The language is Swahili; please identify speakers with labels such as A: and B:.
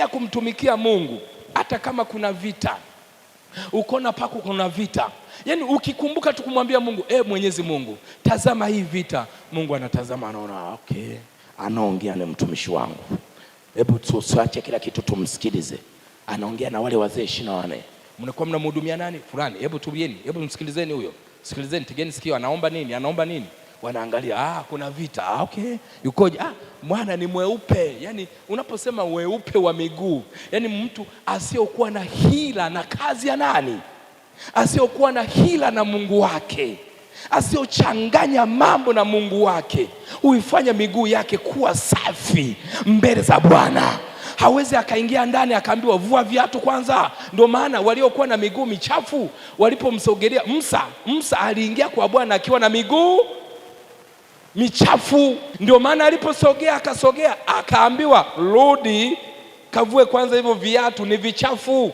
A: Ukiendelea kumtumikia Mungu hata kama kuna vita, ukona pako kuna vita, yaani ukikumbuka tu kumwambia Mungu e, Mwenyezi Mungu, tazama hii vita. Mungu anatazama anaona, okay, anaongea na mtumishi wangu, hebu tusiache kila kitu tumsikilize. Anaongea na wale wazee ishirini na wanne mnakuwa mnamhudumia nani fulani, hebu tulieni, hebu msikilizeni huyo, sikilizeni, tegeni sikio, anaomba nini, anaomba nini wanaangalia ah, kuna vita ah, okay, yukoje? Ah, mwana ni mweupe. Yani unaposema weupe wa miguu, yani mtu asiyokuwa na hila na kazi ya nani, asiyokuwa na hila na Mungu wake, asiyochanganya mambo na Mungu wake, huifanya miguu yake kuwa safi mbele za Bwana. Hawezi akaingia ndani akaambiwa vua viatu kwanza. Ndio maana waliokuwa na miguu michafu walipomsogelea Musa, Musa aliingia kwa Bwana akiwa na miguu michafu. Ndio maana aliposogea akasogea, akaambiwa rudi kavue kwanza, hivyo viatu ni vichafu.